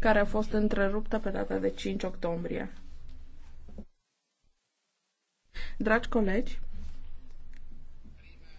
care a fost întreruptă pe data de 5 octombrie. Dragi colegi,